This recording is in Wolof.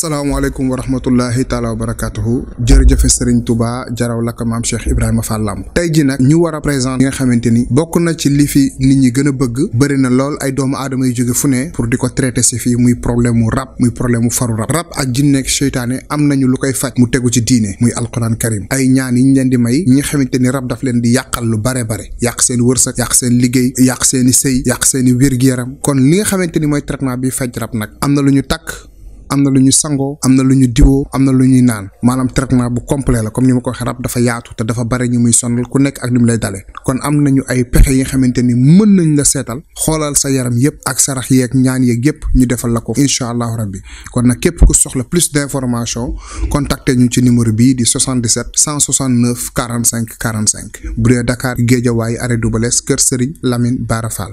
asalaamaaleykum wa rahmatullahi taala wa barakatuhu jërëjëfe sëriñ tubaa jaraw laka maam Cheikh Ibrahima Fall Lamb tey ji nag ñu war a présenter nga xamante ni bokk na ci li fi nit ñi gën a bëgg bëri na lool ay doomu aadama yu jóge fu ne pour di ko traité si fii muy problème mu rab muy problème mu faru rab rab ak jinneek seytaane am nañu lu koy faj mu tegu ci diine muy alquran karim ay ñaan yi ñu leen di may ñi xamante ni rab daf leen di yàqal lu bare bare yàq seen wërsëg yàq seen liggéey yàq seen i sëy yàq seen i yaram kon li nga xamante ni mooy traitement bi faj rab nag am na lu ñu takk am na lu ñu sangoo am na lu ñu diwoo am na lu ñuy naan maanaam traitement bu complet la comme ni ma ko waxee dafa yaatu te dafa bare ñu muy sonal ku nekk ak ni mu lay dalee kon am nañu ay pexe yi nga xamante ni mën nañ la seetal xoolal sa yaram yëpp ak sarax yeeg ñaan yeeg yëpp ñu defal la ko incha allahu rabbi kon nag képp ku soxla plus d'information contacter ñu ci numéro bii di 77 169 45 45 bu dee Dakar Guédiawaye arrêt Doubalès Kër Serigne Lamine Bara